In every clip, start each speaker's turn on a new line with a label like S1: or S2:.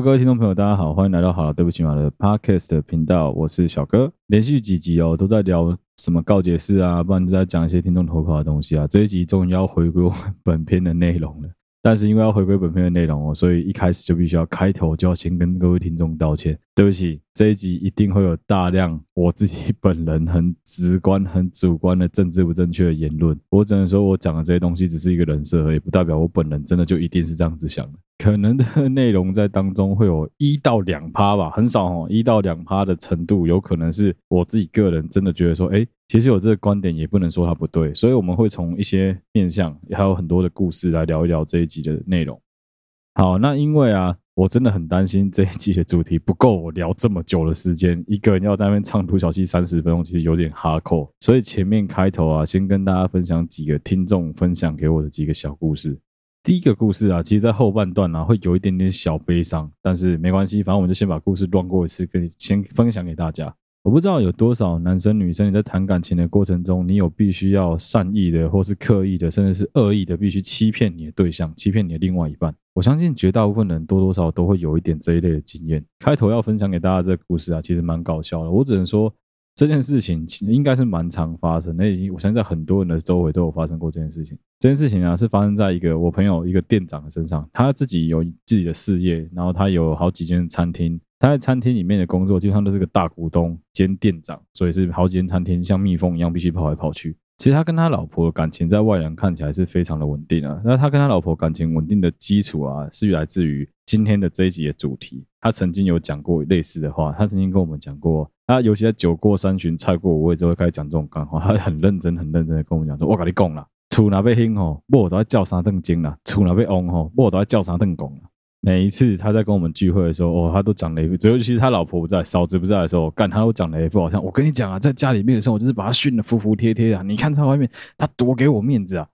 S1: 各位聽眾朋友，大家好，歡迎來到《好了，對不起嘛》的 Podcast 頻道，我是小哥。連續幾集哦，都在聊什麼告解室啊，不然就在講一些聽眾投稿的東西啊。這一集終於要回歸本篇的內容了，但是因為要回歸本篇的內容哦，所以一開始就必須要開頭就要先跟各位聽眾道歉，對不起。這一集一定會有大量我自己本人很直觀、很主觀的政治不正確的言論。我只能說，我講的這些東西只是一個人設，也不代表我本人真的就一定是這樣子想的。可能的內容在當中會有一到兩趴吧，很少哦，一到兩趴的程度，有可能是我自己個人真的覺得說，哎，其實我這個觀點也不能說它不對。所以我們會從一些面向，還有很多的故事來聊一聊這一集的內容。好，那因為啊。我真的很擔心這一集的主題不夠我聊這麼久的時間，一個人要在那邊唱獨角戲三十分鐘，其實有點哈扣。所以前面開頭啊，先跟大家分享幾個聽眾分享給我的幾個小故事。第一個故事啊，其實，在後半段呢、啊，會有一點點小悲傷，但是沒關係，反正我們就先把故事亂過一次，給你先分享給大家。我不知道有多少男生女生你在談感情的過程中，你有必須要善意的，或是刻意的，甚至是惡意的，必須欺騙你的對象，欺騙你的另外一半。我相信絕大部分人多多少少都會有一點這一類的經驗。開頭要分享給大家這個故事啊，其實蠻搞笑的。我只能說這件事情其實應該是蠻常發生，那我相信在很多人的周圍都有發生過這件事情。這件事情啊是發生在一個我朋友一個店長的身上，他自己有自己的事業，然後他有好幾間餐廳，他在餐廳裡面的工作基本上都是個大股東兼店長，所以是好幾間餐廳像蜜蜂一樣必須跑來跑去。其實他跟他老婆的感情在外人看起來是非常的穩定啊。那他跟他老婆感情穩定的基礎啊，是來自於今天的這一集的主題。他曾經有講過類似的話，他曾經跟我們講過，他尤其在酒過三巡、菜過五味之後開始講這種幹話，他很認真、很認真的跟我們講說：“我跟你講啦，厝若被興吼，不我都要叫三頓經啦；厝若被旺吼，不我都要叫三頓功。”每一次他在跟我們聚會的時候，哦，他都長了一副，尤其是其實他老婆不在，嫂子不在的時候，幹他都長了一副，好像我跟你講啊，在家裡面的時候，我就是把他訓的服服帖帖的、啊。你看在外面，他多給我面子啊！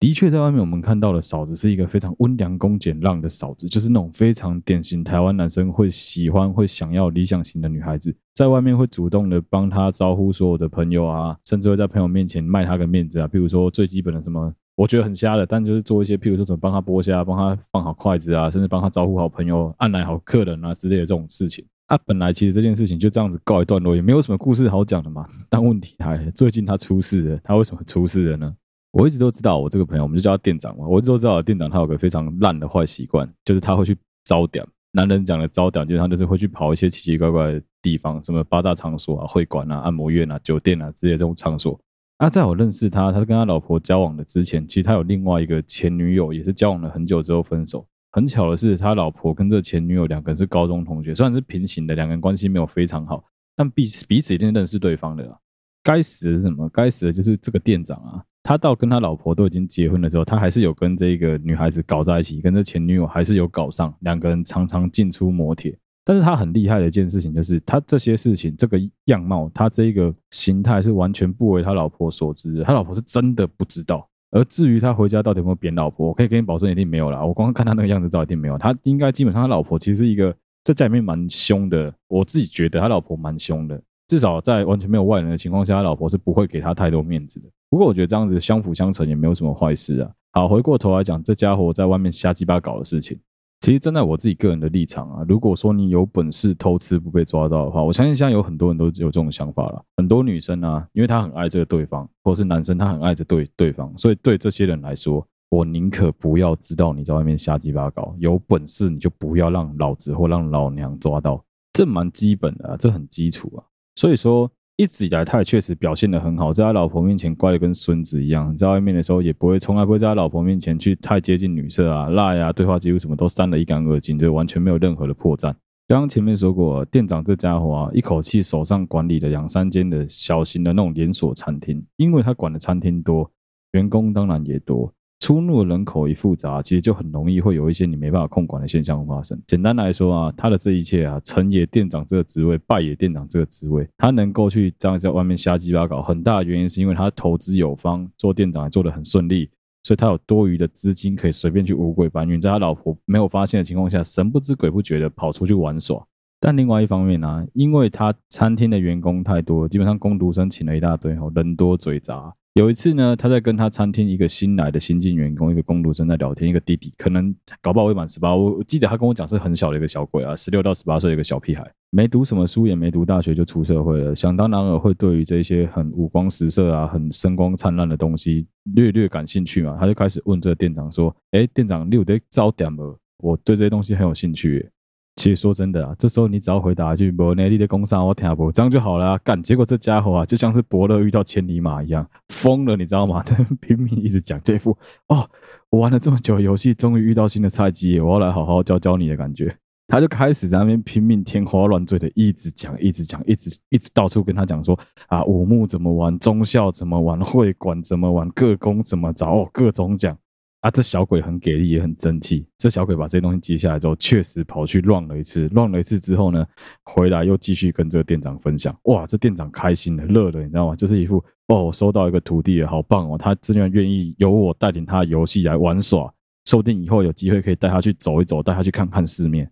S1: 的確，在外面我們看到的嫂子是一個非常溫良恭儉讓的嫂子，就是那種非常典型台灣男生會喜歡、會想要理想型的女孩子，在外面會主動的幫他招呼所有的朋友啊，甚至會在朋友面前賣他個面子啊，比如說最基本的什麼。我覺得很瞎的，但就是做一些，譬如說什麼幫他剝蝦，幫他放好筷子啊，甚至幫他招呼好朋友、按來好客人啊之類的這種事情。他、啊、本來其實這件事情就這樣子告一段落，也沒有什麼故事好講的嘛。但問題還最近他出事了，他為什麼出事了呢？我一直都知道我這個朋友，我們就叫他店長嘛。我一直都知道店長他有個非常爛的壞習慣，就是他會去招點男人講的招點，就是他就是會去跑一些奇奇怪怪的地方，什麼八大場所啊、會館啊、按摩院啊、酒店啊之類這種場所。那在我認識他，他跟他老婆交往的之前，其實他有另外一個前女友，也是交往了很久之後分手。很巧的是，他老婆跟這個前女友兩個人是高中同學，雖然是平行的，兩個人關係沒有非常好，但彼彼此一定認識對方的。該死的是什麼？該死的就是這個店長啊！他到跟他老婆都已經結婚的時候，他還是有跟這個女孩子搞在一起，跟這前女友還是有搞上，兩個人常常進出摩鐵。但是他很厲害的一件事情，就是他這些事情、這個樣貌、他這一個形態是完全不為他老婆所知的。他老婆是真的不知道。而至於他回家到底有沒有扁老婆，我可以給你保證，一定沒有啦。我光看他那個樣子，照一定沒有。他應該基本上，他老婆其實是一個在家裡面蠻兇的。我自己覺得他老婆蠻兇的，至少在完全沒有外人的情況下，他老婆是不會給他太多面子的。不過我覺得這樣子相輔相成也沒有什麼壞事啊。好，回過頭來講，這家伙在外面瞎雞巴搞的事情。其實站在我自己個人的立場啊，如果說你有本事偷吃不被抓到的話，我相信現在有很多人都有這種想法了。很多女生啊，因為她很愛這個對方，或是男生她很愛着對對方，所以對這些人來說，我寧可不要知道你在外面瞎雞巴搞，有本事你就不要讓老子或讓老娘抓到，這蠻基本的，啊，這很基礎啊。所以說。一直以來，他也確實表現得很好，在他老婆面前乖的跟孫子一樣，在外面的時候也不會，從來不會在他老婆面前去太接近女色啊、辣呀、啊，對話記錄什麼都刪的一乾二淨，就完全沒有任何的破綻。剛剛前面說過，店長這家伙啊，一口氣手上管理了兩三間的小型的那種連鎖餐廳，因為他管的餐廳多，員工當然也多。出入的人口一複雜、啊，其實就很容易會有一些你沒辦法控管的現象會發生。簡單來說啊，他的這一切啊，成也店長這個職位，敗也店長這個職位，他能夠去這樣在外面瞎雞巴搞，很大的原因是因為他投資有方，做店長也做得很順利，所以他有多餘的資金可以隨便去五鬼搬運，在他老婆沒有發現的情況下，神不知鬼不覺的跑出去玩耍。但另外一方面呢、啊，因為他餐廳的員工太多，基本上工讀生請了一大堆，人多嘴雜。有一次呢，他在跟他餐廳一個新來的新進員工，一個工讀生在聊天。一個弟弟，可能搞不好未滿十八。我記得他跟我講是很小的一個小鬼啊，十六到十八歲的一個小屁孩，沒讀什麼書，也沒讀大學就出社會了。想當然爾會對於這些很五光十色啊、很聲光燦爛的東西略略感興趣嘛？他就開始問這個店長說：“哎，店長，你有點招點嗎？我對這些東西很有興趣。”其實說真的、啊，這時候你只要回答一句“我內地的工商我聽不”，這樣就好了、啊。幹，結果這家伙啊，就像是伯樂遇到千里馬一樣，瘋了，你知道嗎？在拼命一直講這副。哦，我玩了這麼久遊戲，終於遇到新的菜雞，我要來好好教教你的感覺。他就開始在那邊拼命天花亂墜的一直講，一直講，一直一直到處跟他講說啊，武穆怎麼玩，中校怎麼玩，會館怎麼玩，各宮怎麼着、哦，各種講。啊，這小鬼很給力，也很爭氣。這小鬼把這些東西接下來之後，確實跑去亂了一次。亂了一次之後呢，回來又繼續跟這個店長分享。哇，這店長開心的樂了，你知道嗎？就是一副哦，我收到一個徒弟了，好棒哦！他真的願意由我帶領他的遊戲來玩耍，說不定以後有機會可以帶他去走一走，帶他去看看世面。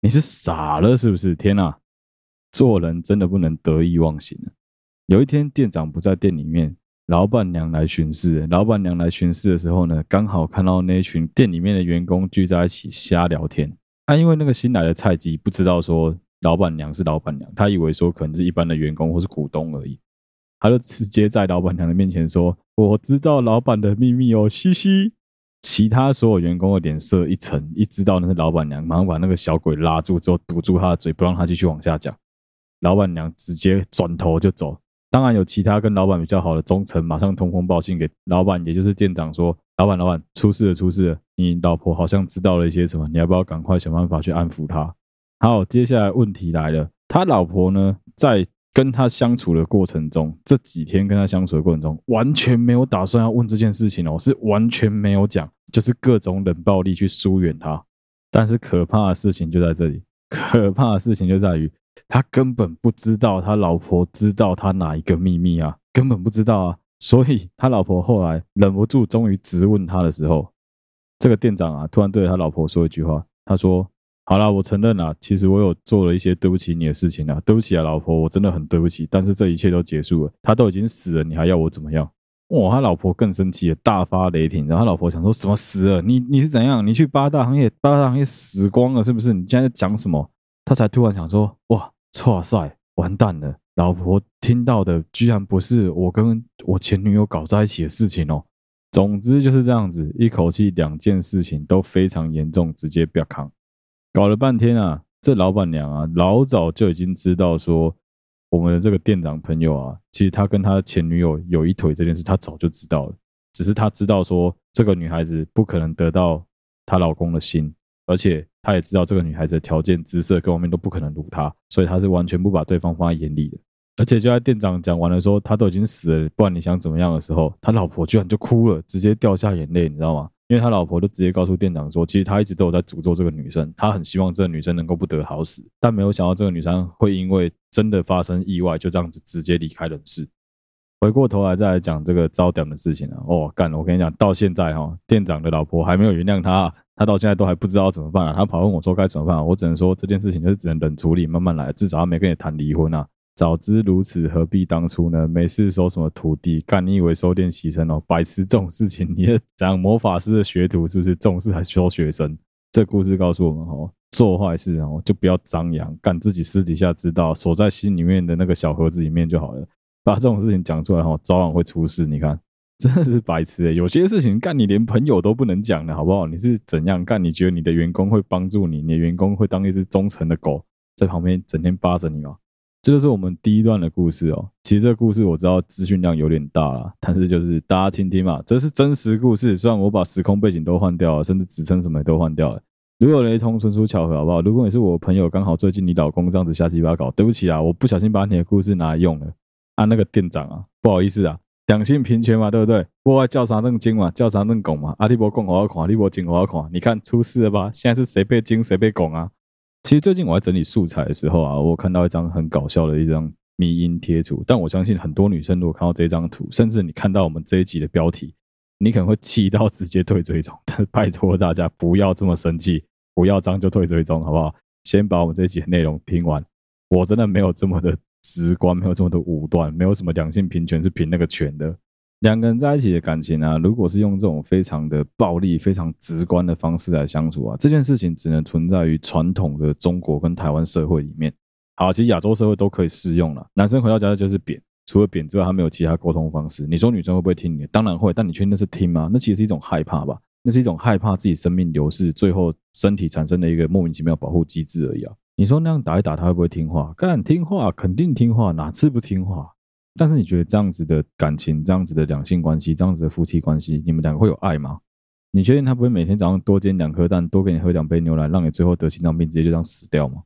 S1: 你是傻了是不是？天哪，做人真的不能得意忘形。有一天店長不在店裡面。老闆娘來巡視，老闆娘來巡視的時候呢，剛好看到那一群店裡面的員工聚在一起瞎聊天。他、啊、因為那個新來的菜雞不知道說老闆娘是老闆娘，他以為說可能是一般的員工或是股東而已，他就直接在老闆娘的面前說：“我知道老闆的秘密哦，嘻嘻。”其他所有員工的臉色一沉，一知道那是老闆娘，馬上把那個小鬼拉住之後堵住他的嘴，不讓他繼續往下講。老闆娘直接轉頭就走。當然有其他跟老闆比較好的忠臣，馬上通風報信給老闆，也就是店長說：“老闆，老闆出事了，出事了！你老婆好像知道了一些什麼，你要不要趕快想辦法去安撫他？”好，接下來問題來了，他老婆呢，在跟他相處的過程中，這幾天跟他相處的過程中，完全沒有打算要問這件事情哦，我是完全沒有講，就是各種冷暴力去疏遠他。但是可怕的事情就在這裡，可怕的事情就在於。他根本不知道他老婆知道他哪一個祕密啊，根本不知道啊。所以他老婆後來忍不住，終於質問他的時候，這個店長啊，突然對他老婆說一句話，他說：“好了，我承認了、啊，其實我有做了一些對不起你的事情了、啊，對不起啊，老婆，我真的很對不起。但是這一切都結束了，他都已經死了，你還要我怎麼樣？”哇、哦，他老婆更生氣了，大發雷霆。然後他老婆想說什麼死了？你你是怎樣？你去八大行業，八大行業死光了是不是？你現在在講什麼？他才突然想說：“哇，哇塞，完蛋了！老婆聽到的居然不是我跟我前女友搞在一起的事情哦。”總之就是這樣子，一口氣兩件事情都非常嚴重，直接表要扛。搞了半天啊，這老闆娘啊，老早就已經知道說，我們的這個店長朋友啊，其實他跟他前女友有一腿這件事，他早就知道了。只是他知道說，這個女孩子不可能得到她老公的心，而且。他也知道這個女孩子的條件、姿色各方面都不可能如他，所以他是完全不把對方放在眼裡的。而且就在店長講完了說他都已經死了，不然你想怎麼樣的時候，他老婆居然就哭了，直接掉下眼淚，你知道嗎？因為他老婆就直接告訴店長說，其實他一直都有在詛咒這個女生，他很希望這個女生能夠不得好死，但沒有想到這個女生會因為真的發生意外，就這樣子直接離開人世。回過頭來再來講這個招店的事情了、啊。哦，幹！我跟你講，到現在哈、哦，店長的老婆還沒有原諒他，他到現在都還不知道怎麼辦啊。他跑問我說該怎麼辦、啊？我只能說這件事情就是只能冷處理，慢慢來。至少他沒跟你談離婚啊。早知如此，何必當初呢？沒事收什麼徒弟？幹，你以為收練習生哦，白痴這種事情，你也講魔法師的學徒是不是重視還需要學生？這故事告訴我們哦，做壞事哦，就不要張揚，幹自己私底下知道，鎖在心裡面的那個小盒子裡面就好了。把這種事情講出來哈，早晚會出事。你看，真的是白痴誒、欸！有些事情幹，你連朋友都不能講的好不好？你是怎樣幹？你覺得你的員工會幫助你？你的員工會當一隻忠誠的狗在旁邊整天扒着你嗎？這就是我們第一段的故事哦、喔。其實這個故事我知道，資訊量有點大了，但是就是大家聽聽嘛，這是真實故事。雖然我把時空背景都換掉了，甚至職稱什麼都換掉了，如有雷同純屬巧合，好不好？如果你是我朋友，剛好最近你老公這樣子瞎雞巴搞，對不起啊，我不小心把你的故事拿來用了。啊，那個店長啊，不好意思啊，兩性平權嘛，對不對？國外叫啥“愣經”嘛，叫啥“愣拱”嘛？啊，你給我拱給我看，你給我精給我看。你看出事了吧？現在是誰被精，誰被拱啊？其實最近我在整理素材的時候啊，我看到一張很搞笑的一張迷因貼圖。但我相信很多女生如果看到這張圖，甚至你看到我們這一集的標題，你可能會氣到直接退追蹤。但拜托大家不要這麼生氣，不要張就退追蹤，好不好？先把我們這一集的內容聽完。我真的沒有這麼的。直觀沒有這麼多武斷，沒有什麼兩性平權是憑那個拳的。兩個人在一起的感情啊，如果是用這種非常的暴力、非常直觀的方式來相處啊，這件事情只能存在於傳統的中國跟台灣社會裡面。好，其實亞洲社會都可以適用了。男生回到家就是扁，除了扁之外，他沒有其他溝通方式。你說女生會不會聽你的？當然會，但你確定那是聽嗎？那其實是一種害怕吧，那是一種害怕自己生命流逝，最後身體產生的一個莫名其妙保護機製而已啊。你說那樣打一打他會不會聽話？當然聽話，肯定聽話，哪次不聽話？但是你覺得這樣子的感情，這樣子的兩性關係，這樣子的夫妻關係，你們兩個會有愛嗎？你確定他不會每天早上多煎兩顆蛋，多給你喝兩杯牛奶，讓你最後得心臟病，直接就這樣死掉嗎？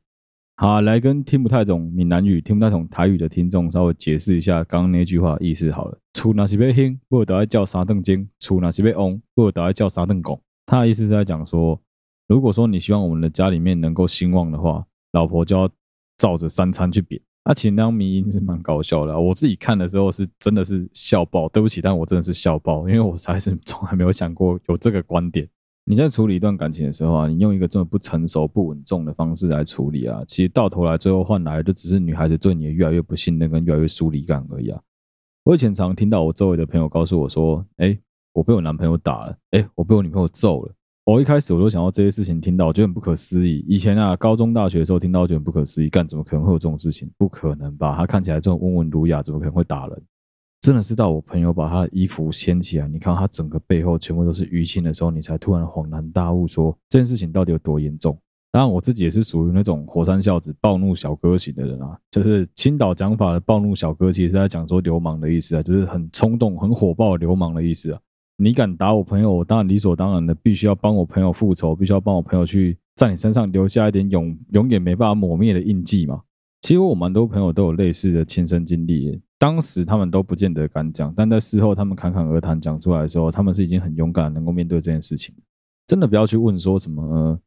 S1: 好啊，來跟聽不太懂閩南語、聽不太懂台語的聽眾稍微解釋一下剛剛那句話意思好了。出那西杯不，如果拿叫啥鄧煎；出拿西貝不，如得愛叫啥鄧拱。他的意思是在講說，如果說你希望我們的家裡面能夠興旺的話。老婆就要照着三餐去扁，啊、其實那那個迷因是蠻搞笑的，啊。我自己看的時候是真的是笑爆，對不起，但我真的是笑爆，因為我實在是從來沒有想過有這個觀點。你在處理一段感情的時候啊，你用一個這麼不成熟、不穩重的方式來處理啊，其實到頭來最後換來的只是女孩子對你的越來越不信任跟越來越疏離感而已啊。我以前常，常聽到我周圍的朋友告訴我說，哎、欸，我被我男朋友打了，哎、欸，我被我女朋友揍了。我、哦、一開始我都想到這些事情，聽到我覺得很不可思議。以前啊，高中、大學的時候我聽到就很不可思議，幹怎麼可能會有這種事情？不可能吧？他看起來這麼溫文儒雅，怎麼可能會打人？真的是到我朋友把他的衣服掀起來，你看他整個背後全部都是淤青的時候，你才突然恍然大悟說，說這件事情到底有多嚴重。當然，我自己也是屬於那種火山孝子、暴怒小哥型的人啊，就是青島講法的暴怒小哥，其實是在講說流氓的意思啊，就是很衝動、很火爆的流氓的意思啊。你敢打我朋友，我當然理所當然的必須要幫我朋友復仇，必須要幫我朋友去在你身上留下一點永永遠沒辦法抹滅的印記嘛。其實我蠻多朋友都有類似的親身經歷，當時他們都不見得敢講，但在事後他們侃侃而談講出來的時候，他們是已經很勇敢，能夠面對這件事情。真的不要去問說什麼。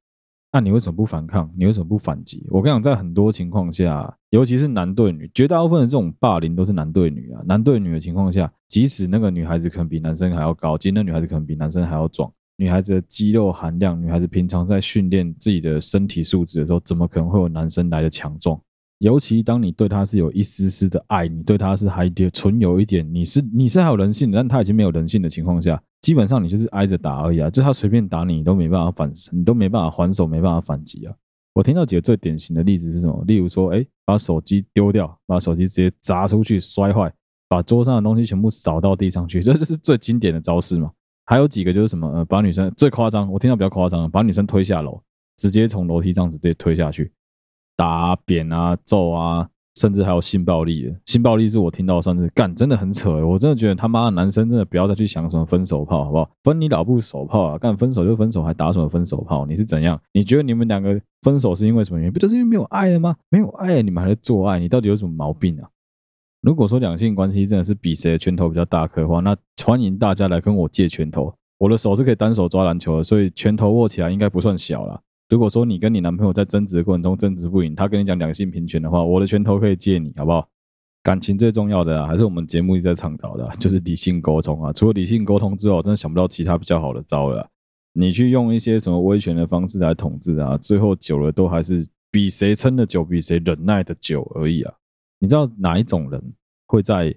S1: 那你為什麼不反抗？你為什麼不反擊？我跟你講，在很多情況下，尤其是男對女，絕大部分的這種霸凌都是男對女啊。男對女的情況下，即使那個女孩子可能比男生還要高，即使那女孩子可能比男生還要壯，女孩子的肌肉含量，女孩子平常在訓練自己的身體素質的時候，怎麼可能會有男生來的強壯？尤其當你對他是有一絲絲的愛，你對他是還存有一點，你是你是還有人性，但他已經沒有人性的情況下，基本上你就是挨着打而已啊！就他隨便打你，你都沒辦法反，你都沒辦法還手，沒辦法反擊啊！我聽到幾個最典型的例子是什麼？例如說，哎，把手機丟掉，把手機直接砸出去摔壞，把桌上的東西全部掃到地上去，這就是最經典的招式嘛。還有幾個就是什麼，呃，把女生最誇張，我聽到比較誇張，把女生推下樓，直接從樓梯這樣子直接推下去。打啊扁啊，揍啊，甚至還有性暴力的。性暴力是我聽到的算是，幹，真的很扯。我真的覺得他媽的男生真的不要再去想什麼分手炮，好不好？分你老不手炮啊？幹，分手就分手，還打什麼分手炮？你是怎樣？你覺得你們兩個分手是因為什麼原因？不就是因為沒有愛了嗎？沒有愛，你們還在做愛？你到底有什麼毛病啊？如果說兩性關係真的是比誰的拳頭比較大顆的話，那歡迎大家來跟我借拳頭。我的手是可以單手抓籃球的，所以拳頭握起來應該不算小了。如果說你跟你男朋友在爭執的過程中爭執不贏，他跟你講兩性平權的話，我的拳頭可以借你，好不好？感情最重要的啊，還是我們節目一直在倡導的啊，就是理性溝通啊。除了理性溝通之後，我真的想不到其他比較好的招了啊。你去用一些什麼威權的方式來統治啊？最後久了都還是比誰撐的久，比誰忍耐的久而已啊。你知道哪一種人會在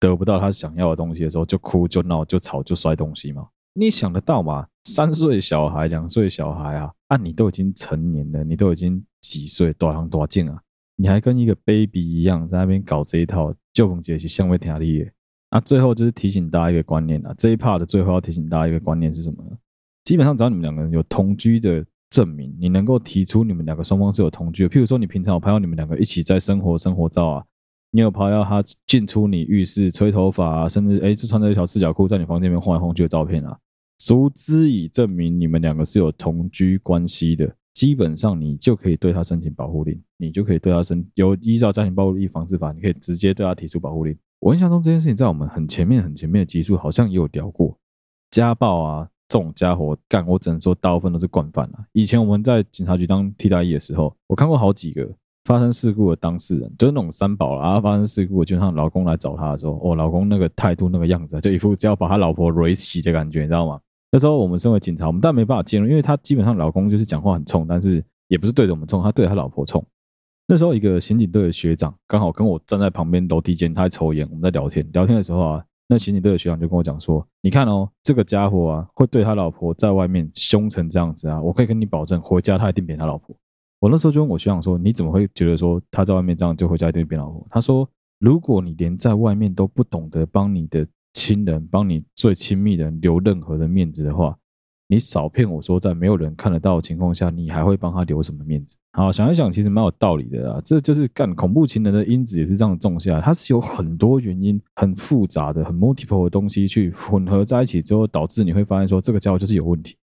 S1: 得不到他想要的東西的時候就哭就鬧就吵就摔東西嗎？你想得到嗎？三歲小孩、兩歲小孩啊，啊你都已經成年了，你都已經幾歲、大人大種啊？你還跟一個 baby 一樣在那邊搞這一套舊朋解析、相位甜言的。那、啊、最後就是提醒大家一個觀念啊，這一 part 的最後要提醒大家一個觀念是什麼呢？基本上只要你們兩個人有同居的證明，你能夠提出你們兩個雙方是有同居的，譬如說你平常有拍到你們兩個一起在生活生活照啊，你有拍到他進出你浴室、吹頭髮、啊，甚至哎、欸、就穿着一條四角褲在你房間裡面晃來晃去的照片啊。足以證明你們兩個是有同居關係的，基本上你就可以對他申請保護令，你就可以對他申，有依照家庭暴力防治法，你可以直接對他提出保護令。我印象中這件事情在我們很前面很前面的集數好像也有聊過，家暴啊這種家伙幹，我只能說大部分都是慣犯啦、啊。以前我們在警察局當替代役的時候，我看過好幾個發生事故的當事人，就是那種三寶啊發生事故，就像老公來找他的時候，哦，老公那個態度那個樣子，就一副只要把他老婆惹起的感覺，你知道嗎？那時候我們身為警察，我們但沒辦法介入，因為他基本上老公就是講話很衝，但是也不是對着我們衝，他對他老婆衝。那時候一個刑警隊的學長剛好跟我站在旁邊樓梯間，他在抽煙，我們在聊天。聊天的時候啊，那刑警隊的學長就跟我講說：“你看哦，這個家伙啊，會對他老婆在外面凶成這樣子啊，我可以跟你保證，回家他一定扁他老婆。”我那時候就問我學長說：“你怎麼會覺得說他在外面這樣，就回家一定扁老婆？”他說：“如果你連在外面都不懂得幫你的。”親人幫你最親密的人留任何的面子的話，你少騙我說在沒有人看得到的情況下，你還會幫他留什麼面子？好，想一想，其實蠻有道理的啊。這就是幹恐怖情人的因子也是這樣種下來，它是有很多原因很複雜的、很 multiple 的東西去混合在一起之後，導致你會發現說這個家伙就是有問題。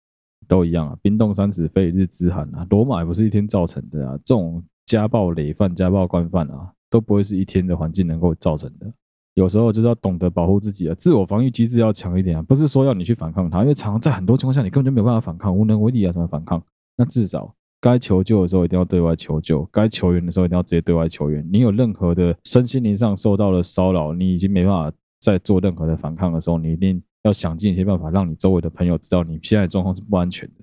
S1: 都一樣啊，冰凍三尺非一日之寒啊，羅馬也不是一天造成的啊。這種家暴累犯、家暴慣犯啊，都不會是一天的環境能夠造成的。有時候就是要懂得保護自己啊，自我防禦機制要強一點啊，不是說要你去反抗它，因為常常在很多情況下你根本就沒有辦法反抗，無能為力啊，怎麼反抗？那至少該求救的時候一定要對外求救，該求援的時候一定要直接對外求援。你有任何的身心靈上受到了騷擾，你已經沒辦法再做任何的反抗的時候，你一定要想盡一些辦法，讓你周圍的朋友知道你現在狀況是不安全的。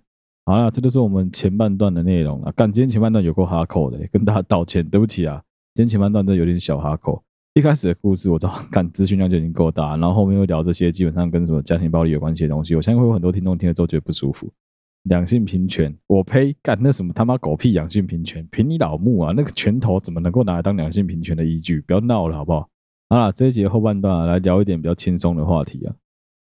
S1: 好啦，這就是我們前半段的內容了。幹，今天前半段有夠哈扣的，欸，跟大家道歉，對不起啊，今天前半段都有點小哈扣。一開始的故事我早看資訊量就已經夠大，然後後面又聊這些，基本上跟什麼家庭暴力有關係的東西，我相信會有很多聽眾聽了之後覺得不舒服。兩性平權，我呸！幹那什麼他媽狗屁兩性平權，憑你老木啊！那個拳頭怎麼能夠拿來當兩性平權的依據？不要鬧了好不好？啊，這一集後半段啊，來聊一點比較輕鬆的話題啊。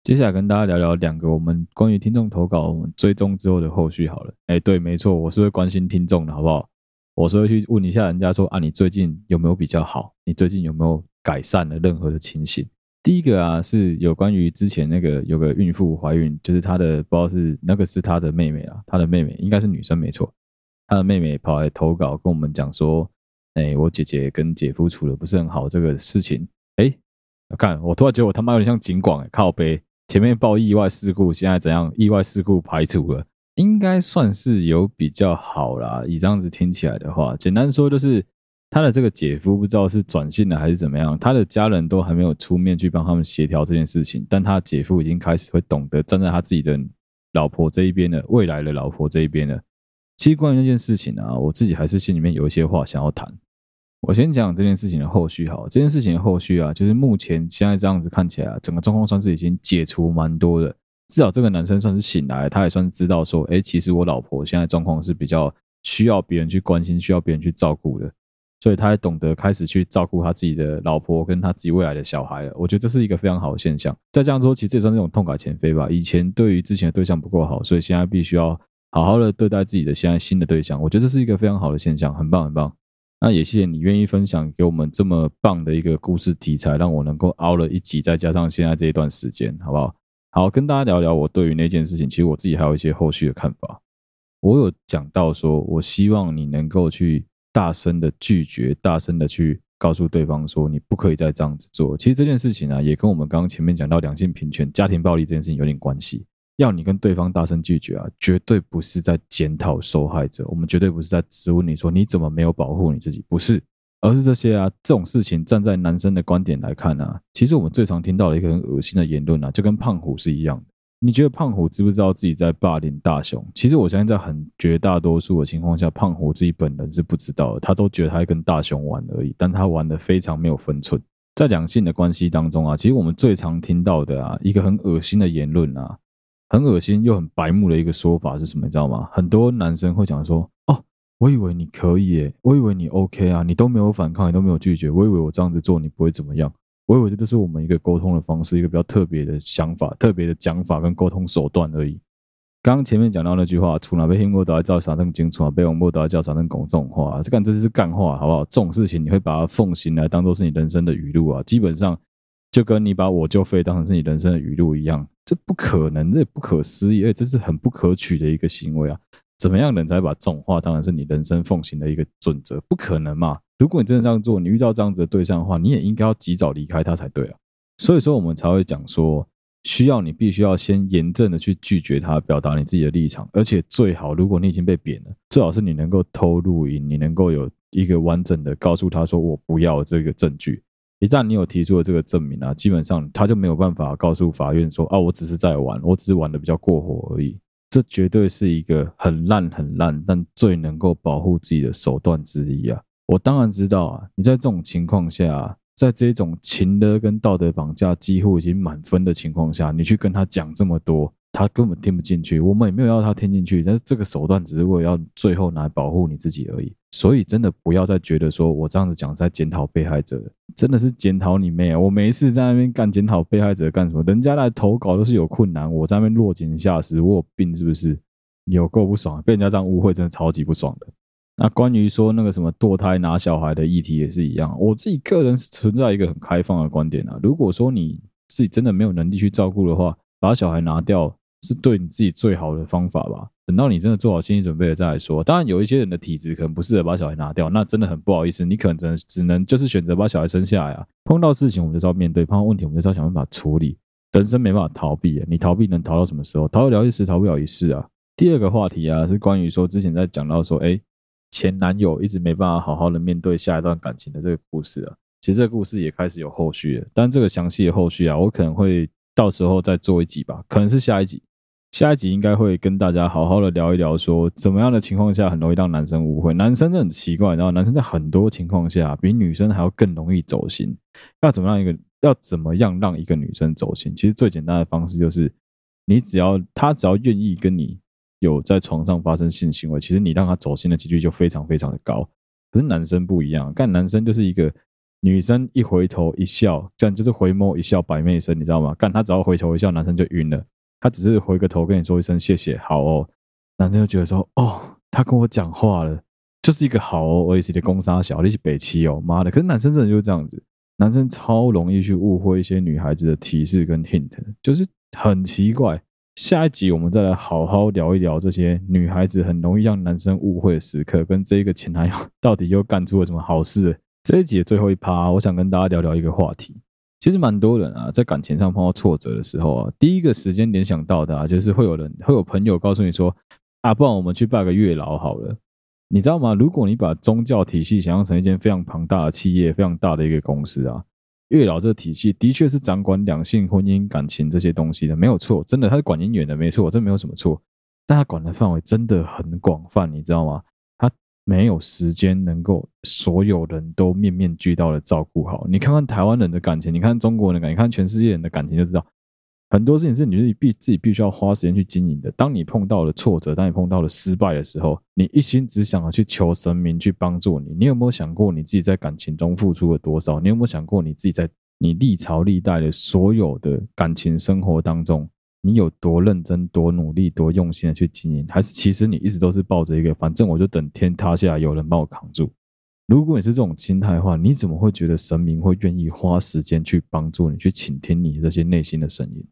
S1: 接下來跟大家聊聊兩個我們關於聽眾投稿我們追蹤之後的後續好了。哎、欸，對，沒錯，我是會關心聽眾的，好不好？我說去問一下人家說啊，你最近有沒有比較好？你最近有沒有改善了任何的情形？第一個啊是有關於之前那個有個孕婦懷孕，就是她的，不知道是那個是她的妹妹啦，她的妹妹應該是女生沒錯，她的妹妹跑來投稿跟我們講說，哎、欸，我姐姐跟姐夫處得不是很好，這個事情，哎、欸，我看我突然覺得我他媽有點像警廣、欸，靠北，前面報意外事故，現在怎樣？意外事故排除了。應該算是有比較好啦，以這樣子聽起來的話，簡單說就是他的這個姐夫不知道是轉性了還是怎麼樣，他的家人都還沒有出面去幫他們協調這件事情，但他姐夫已經開始會懂得站在他自己的老婆這一邊了，未來的老婆這一邊了。其實關於這件事情呢、啊，我自己還是心裡面有一些話想要談。我先講這件事情的後續哈，這件事情的後續啊，就是目前現在這樣子看起來、啊，整個狀況算是已經解除蠻多的。至少這個男生算是醒來，他也算是知道說，哎、欸，其實我老婆現在狀況是比較需要別人去關心，需要別人去照顧的，所以他也懂得開始去照顧他自己的老婆跟他自己未來的小孩了。我覺得這是一個非常好的現象。再這樣說，其實也算是一種痛改前非吧。以前對於之前的對象不夠好，所以現在必須要好好的對待自己的現在新的對象。我覺得這是一個非常好的現象，很棒，很棒。那也謝謝你願意分享給我們這麼棒的一個故事題材，讓我能夠凹了一集，再加上現在這一段時間，好不好？好，跟大家聊聊我對於那件事情，其實我自己還有一些後續的看法。我有講到說，我希望你能夠去大聲的拒絕，大聲的去告訴對方說，你不可以再這樣子做。其實這件事情啊，也跟我們剛剛前面講到兩性平權、家庭暴力這件事情有點關係。要你跟對方大聲拒絕啊，絕對不是在檢討受害者，我們絕對不是在質問你說你怎麼沒有保護你自己，不是。而是這些啊，這種事情站在男生的觀點來看呢、啊，其實我們最常聽到的一個很惡心的言論啊，就跟胖虎是一樣的。你覺得胖虎知不知道自己在霸凌大雄？其實我相信在很絕大多數的情況下，胖虎自己本人是不知道的，他都覺得他跟大雄玩而已，但他玩的非常沒有分寸。在兩性的關係當中啊，其實我們最常聽到的啊，一個很惡心的言論啊，很惡心又很白目的一個說法是什麼？你知道嗎？很多男生會講說。我以為你可以誒、欸，我以為你 OK 啊，你都沒有反抗，你都沒有拒絕。我以為我這樣子做你不會怎麼樣，我以為這就是我們一個溝通的方式，一個比較特別的想法、特別的講法跟溝通手段而已。剛剛前面講到那句話、啊，除了被黑在達叫產生清楚啊，被王木達叫產生公眾話，這簡直是幹話，好不好？這種事情你會把它奉行來當做是你人生的語錄啊？基本上就跟你把我就廢當成是你人生的語錄一樣，這不可能，這也不可思議、欸，而且這是很不可取的一個行為啊。怎麼樣的人才把這種話當成是你人生奉行的一個準則，不可能嘛？如果你真的這樣做，你遇到這樣子的對象的話，你也應該要及早離開他才對啊。所以說，我們才會講說，需要你必須要先嚴正的去拒絕他，表達你自己的立場。而且最好，如果你已經被扁了，最好是你能夠偷錄音，你能夠有一個完整的告訴他說我不要這個證據。一旦你有提出了這個證明啊，基本上他就沒有辦法告訴法院說啊，我只是在玩，我只是玩的比較過火而已。這絕對是一個很爛、很爛，但最能夠保護自己的手段之一啊！我當然知道啊，你在這種情況下啊，在這種情勒跟道德綁架幾乎已經滿分的情況下，你去跟他講這麼多。他根本聽不進去，我們也沒有要他聽進去，但是這個手段只是為了要最後來保護你自己而已。所以真的不要再覺得說我這樣子講是在檢討被害者，真的是檢討你妹啊！我沒事在那邊幹檢討被害者幹什麼？人家來投稿都是有困難，我在那邊落井下石，我有病是不是？有夠不爽啊？被人家這樣誤會，真的超級不爽的。那關於說那個什麼墮胎拿小孩的議題也是一樣，我自己個人是存在一個很開放的觀點啊。如果說你自己真的沒有能力去照顧的話，把小孩拿掉是對你自己最好的方法吧。等到你真的做好心理準備了再來說。當然，有一些人的體質可能不適合把小孩拿掉，那真的很不好意思，你可能只能只能就是選擇把小孩生下來啊。碰到事情我們就知道面對，碰到問題我們就知道想辦法處理。人生沒辦法逃避啊，你逃避能逃到什麼時候？逃得了一時，逃不了一世啊。第二個話題啊，是關於說之前在講到說，哎、欸，前男友一直沒辦法好好的面對下一段感情的這個故事啊。其實這個故事也開始有後續了，但這個詳細的後續啊，我可能會到時候再做一集吧，可能是下一集。下一集應該會跟大家好好的聊一聊，說怎麼樣的情況下很容易讓男生誤會。男生真的很奇怪，然後男生在很多情況下比女生還要更容易走心。要怎麼樣一個要怎麼樣讓一個女生走心？其實最簡單的方式就是，你只要他只要願意跟你有在床上發生性行為，其實你讓他走心的幾率就非常非常的高。可是男生不一樣，幹男生就是一個女生一回頭一笑，幹就是回眸一笑百媚生，你知道嗎？幹他只要回頭一笑，男生就暈了。他只是回個頭跟你說一聲謝謝，好哦。男生就覺得說，哦，他跟我講話了，就是一個好哦，我也是的講三小，你是北七哦，媽的！可是男生真的就是這樣子，男生超容易去誤會一些女孩子的提示跟 hint，就是很奇怪。下一集我們再來好好聊一聊這些女孩子很容易讓男生誤會的時刻，跟這個前男友到底又幹出了什麼好事？這一集的最後一趴，我想跟大家聊聊一個話題。其實蠻多人啊，在感情上碰到挫折的時候啊，第一個時間聯想到的啊，就是會有人會有朋友告訴你說，啊，不然我們去拜個月老好了。你知道嗎？如果你把宗教體系想象成一間非常龐大的企業，非常大的一個公司啊，月老這個體系的確是掌管兩性、婚姻、感情這些東西的，沒有錯，真的，他是管姻緣的，沒錯，這沒有什麼錯。但他管的範圍真的很廣泛，你知道嗎？沒有時間能夠所有人都面面俱到的照顧好。你看看台灣人的感情，你看中國人的感情，你看全世界人的感情，就知道很多事情，是你是必自己必須要花時間去經營的。當你碰到了挫折，當你碰到了失敗的時候，你一心只想要去求神明去幫助你。你有沒有想過你自己在感情中付出了多少？你有沒有想過你自己在你歷朝歷代的所有的感情生活當中，你有多認真、多努力、多用心的去經營，還是其實你一直都是抱着一個反正我就等天塌下來，有人幫我扛住。如果你是這種心態的話，你怎麼會覺得神明會願意花時間去幫助你，去傾聽你這些內心的聲音？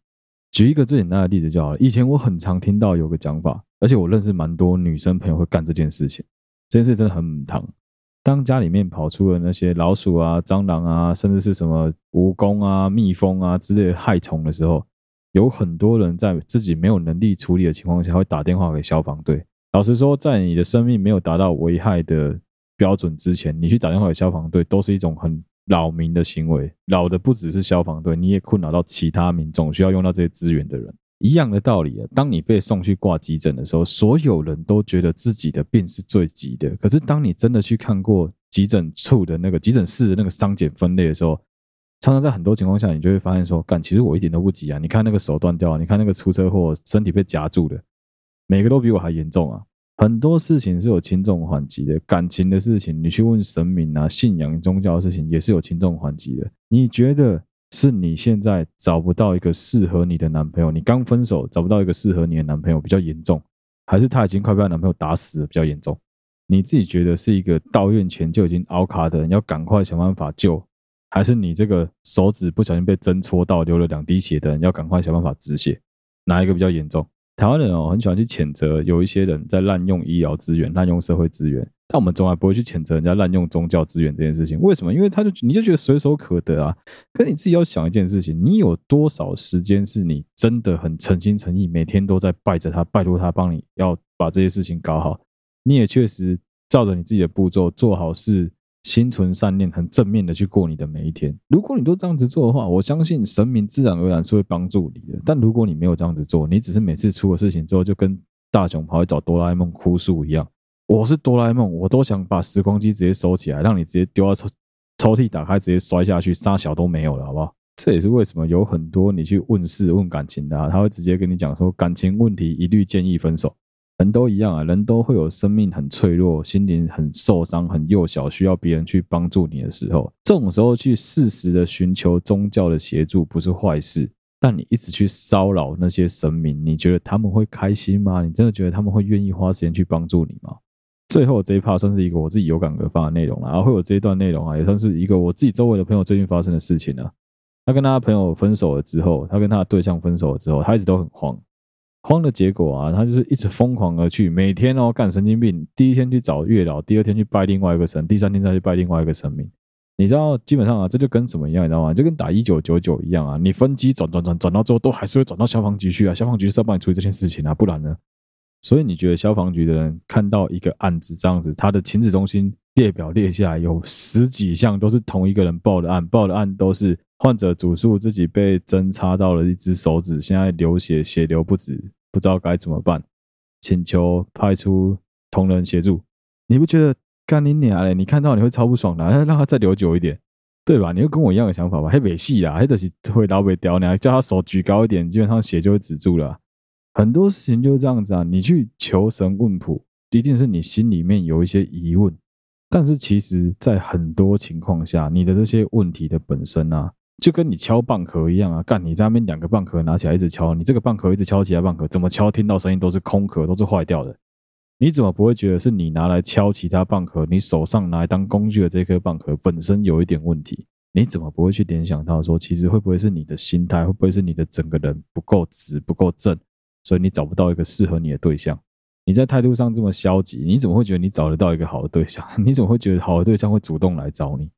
S1: 舉一個最簡單的例子就好了。以前我很常聽到有個講法，而且我認識蠻多女生朋友會幹這件事情，這件事真的很母湯。當家裡面跑出了那些老鼠啊、蟑螂啊，甚至是什麼蜈蚣啊、蜜蜂啊之類的害蟲的時候。有很多人在自己沒有能力處理的情況下，會打電話給消防隊。老實說，在你的生命沒有達到危害的標準之前，你去打電話給消防隊，都是一種很擾民的行為。擾的不只是消防隊，你也困擾到其他民眾需要用到這些資源的人。一樣的道理啊，當你被送去掛急診的時候，所有人都覺得自己的病是最急的。可是，當你真的去看過急診處的那個急診室的那個傷檢分類的時候，常常在很多情況下，你就會發現說，幹，其實我一點都不急啊！你看那個手斷掉啊，你看那個出車禍身體被夾住的，每個都比我還嚴重啊！很多事情是有輕重緩急的，感情的事情你去問神明啊，信仰宗教的事情也是有輕重緩急的。你覺得是你現在找不到一個適合你的男朋友，你剛分手找不到一個適合你的男朋友比較嚴重，還是他已經快被他男朋友打死了比較嚴重？你自己覺得是一個到院前就已經凹卡的人，你要趕快想辦法救。還是你這個手指不小心被針戳到，流了兩滴血的人，要趕快想辦法止血。哪一個比較嚴重？台灣人哦，很喜歡去譴責有一些人在濫用醫療資源、濫用社會資源，但我們從來不會去譴責人家濫用宗教資源這件事情。為什麼？因為他就，你就覺得隨手可得啊。可是你自己要想一件事情：你有多少時間是你真的很誠心誠意，每天都在拜着他、拜託他，幫你要把這些事情搞好？你也確實照着你自己的步驟做好事。心存善念，很正面的去過你的每一天。如果你都這樣子做的話，我相信神明自然而然是會幫助你的。但如果你沒有這樣子做，你只是每次出了事情之後就跟大雄跑去找哆啦 A 夢哭訴一樣，我是哆啦 A 夢，我都想把時光機直接收起來，讓你直接丟到抽抽屜，打開直接摔下去，啥小都沒有了，好不好？這也是為什麼有很多你去問事問感情的，啊，他會直接跟你講說，感情問題一律建議分手。人都一樣啊，人都會有生命很脆弱、心靈很受傷、很幼小，需要別人去幫助你的時候，這種時候去適時的尋求宗教的協助不是壞事。但你一直去騷擾那些神明，你覺得他們會開心嗎？你真的覺得他們會願意花時間去幫助你嗎？最後這一 part 算是一個我自己有感而發的內容了、啊，然後會有這一段內容啊，也算是一個我自己周圍的朋友最近發生的事情啊。他跟他朋友分手了之後，他跟他的對象分手了之後，他一直都很慌。慌的結果啊，他就是一直瘋狂而去，每天哦幹神經病。第一天去找月老，第二天去拜另外一個神，第三天再去拜另外一個神明。你知道，基本上啊，這就跟什麼一樣，你知道嗎？就跟打一九九九一樣啊，你分機轉轉轉，轉到之後，都還是會轉到消防局去啊。消防局是要幫你處理這件事情啊，不然呢？所以你覺得消防局的人看到一個案子這樣子，他的勤務中心列表列下來有十幾項，都是同一個人報的案，報的案都是。患者主訴自己被針插到了一隻手指，現在流血，血流不止，不知道該怎麼辦，請求派出同仁協助。你不覺得幹你娘嘞？你看到你會超不爽的，啊，讓他再流久一點，對吧？你會跟我一樣的想法吧？黑尾戲啊，黑的是會老北叼你，叫他手舉高一點，基本上血就會止住了。很多事情就是這樣子啊，你去求神問卜，一定是你心裡面有一些疑問，但是其實在很多情況下，你的這些問題的本身啊。就跟你敲蚌殼一樣啊，幹，你在那邊兩個蚌殼拿起來一直敲，你這個蚌殼一直敲其他蚌殼，怎麼敲聽到聲音都是空殼，都是壞掉的。你怎麼不會覺得是你拿來敲其他蚌殼，你手上拿來當工具的這顆蚌殼本身有一點問題？你怎麼不會去聯想到說，其實會不會是你的心態，會不會是你的整個人不夠直，不夠正，所以你找不到一個適合你的對象？你在態度上這麼消極，你怎麼會覺得你找得到一個好的對象？你怎麼會覺得好的對象會主動來找你？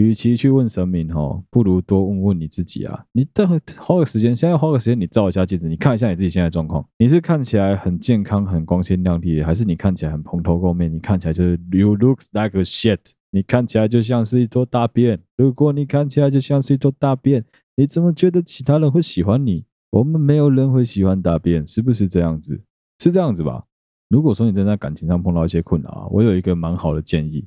S1: 與其去問神明吼，不如多問問你自己啊！你等，花個時間，現在花個時間，你照一下鏡子，你看一下你自己現在的狀況。你是看起來很健康、很光鮮亮麗，還是你看起來很蓬頭垢面？你看起來就是 you looks like a shit，你看起來就像是一坨大便。如果你看起來就像是一坨大便，你怎麼覺得其他人會喜歡你？我們沒有人會喜歡大便，是不是這樣子？是這樣子吧？如果說你正在感情上碰到一些困難啊，我有一個蠻好的建議。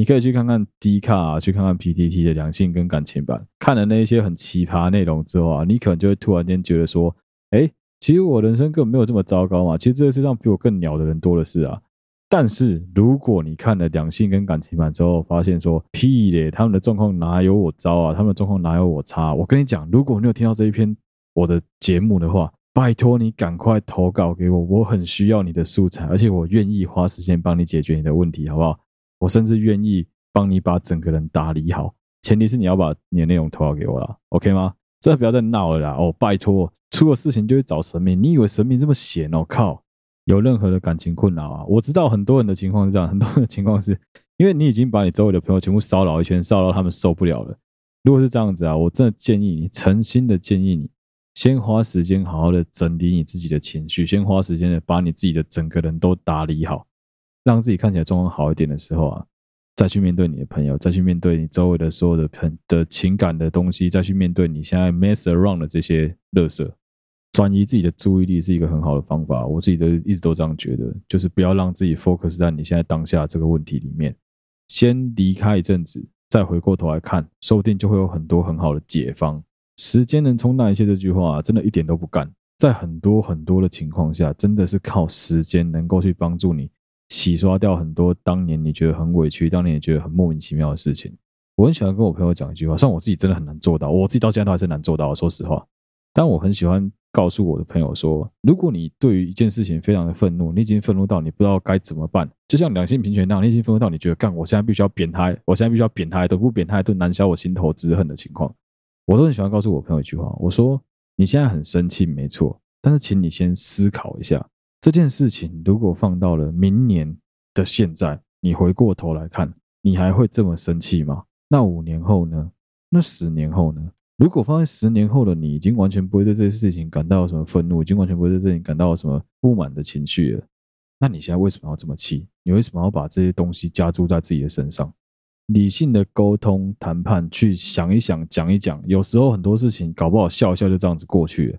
S1: 你可以去看看 D 卡，啊，去看看 PTT 的兩性跟感情版，看了那一些很奇葩的內容之後啊，你可能就會突然間覺得說，哎、欸，其實我人生根本沒有這麼糟糕嘛，其實這個世上比我更鳥的人多的是啊。但是如果你看了兩性跟感情版之後，發現說，屁咧，他們的狀況哪有我糟啊？他們的狀況哪有我差，啊？我跟你講，如果你有聽到這一篇我的節目的話，拜託你趕快投稿給我，我很需要你的素材，而且我願意花時間幫你解決你的問題，好不好？我甚至願意幫你把整個人打理好，前提是你要把你的內容投稿給我啦，OK 嗎？真的不要再鬧了啦！哦，拜托，出了事情就會找神明，你以為神明這麼閒哦？靠！有任何的感情困擾啊，我知道很多人的情況是這樣，很多人的情況是因為你已經把你周圍的朋友全部騷擾一圈，騷擾他們受不了了。如果是這樣子啊，我真的建議你，誠心的建議你，先花時間好好的整理你自己的情緒，先花時間的把你自己的整個人都打理好。讓自己看起來狀況好一點的時候啊，再去面對你的朋友，再去面對你周圍的所有的朋的情感的東西，再去面對你現在 mess around 的這些垃圾，轉移自己的注意力是一個很好的方法。我自己都一直都這樣覺得，就是不要讓自己 focus 在你現在當下這個問題裡面，先離開一陣子，再回過頭來看，說不定就會有很多很好的解方。時間能沖淡一切，這句話、啊、真的一點都不假，在很多很多的情況下，真的是靠時間能夠去幫助你。洗刷掉很多當年你覺得很委屈、當年也覺得很莫名其妙的事情。我很喜歡跟我朋友講一句話，雖然我自己真的很難做到，我自己到現在都還是難做到，說實話。但我很喜歡告訴我的朋友說，如果你對於一件事情非常的憤怒，你已經憤怒到你不知道該怎麼辦，就像兩性平權那樣，你已經憤怒到你覺得幹，我現在必須要扁他，我現在必須要扁他，都不扁他都難消我心頭之恨的情況，我都很喜歡告訴我朋友一句話，我說你現在很生氣沒錯，但是請你先思考一下。這件事情如果放到了明年的現在，你回過頭來看，你還會這麼生氣嗎？那五年後呢？那十年後呢？如果放在十年後的你，已經完全不會對這些事情感到什麼憤怒，已經完全不會對這些感到什麼不滿的情緒了，那你現在為什麼要這麼氣？你為什麼要把這些東西加注在自己的身上？理性的溝通、談判，去想一想，講一講，有時候很多事情搞不好笑一笑就這樣子過去了。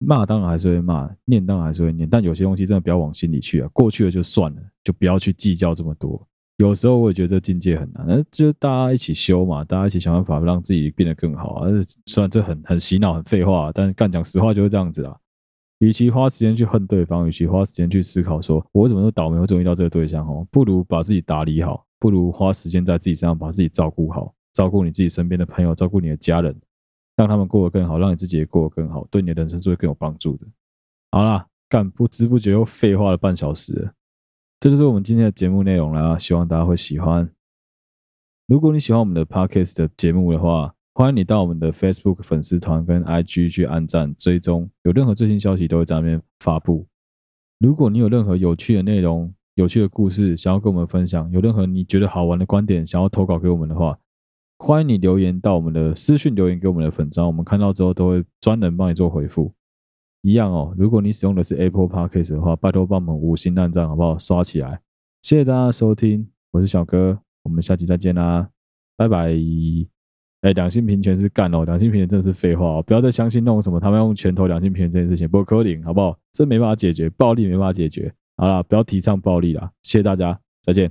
S1: 罵當然還是會罵，念當然還是會念，但有些東西真的不要往心裡去啊。過去了就算了，就不要去計較這麼多。有時候我也覺得這境界很難，是就是大家一起修嘛，大家一起想辦法讓自己變得更好啊。雖然這很很洗腦、很廢話，但是幹講實話就是這樣子啊。與其花時間去恨對方，與其花時間去思考說我怎麼那麼倒霉，我怎麼遇到這個對象哦，不如把自己打理好，不如花時間在自己身上，把自己照顧好，照顧你自己身邊的朋友，照顧你的家人。讓他們過得更好，讓你自己也過得更好，對你的人生是會更有幫助的。好啦，幹，不知不覺又廢話了半小時了，這就是我們今天的節目內容啦，希望大家會喜歡。如果你喜歡我們的 Podcast 的節目的話，歡迎你到我們的 Facebook 粉絲團跟 IG 去按讚、追蹤，有任何最新消息都會在那邊發布。如果你有任何有趣的內容、有趣的故事想要跟我們分享，有任何你覺得好玩的觀點想要投稿給我們的話，歡迎你留言到我們的私訊留言給我們的粉專，我們看到之後都會專人幫你做回復。一樣哦，如果你使用的是 Apple Podcast 的話，拜託幫我們五星讚讚好不好？刷起來！謝謝大家收聽，我是小哥，我們下期再見啦，拜拜！哎，兩性平權是幹哦，兩性平權真的是廢話哦，不要再相信那種什麼他們用拳頭兩性平權這件事情，不扣零好不好？這沒辦法解決，暴力沒辦法解決，好啦，不要提倡暴力啦，謝謝大家，再見。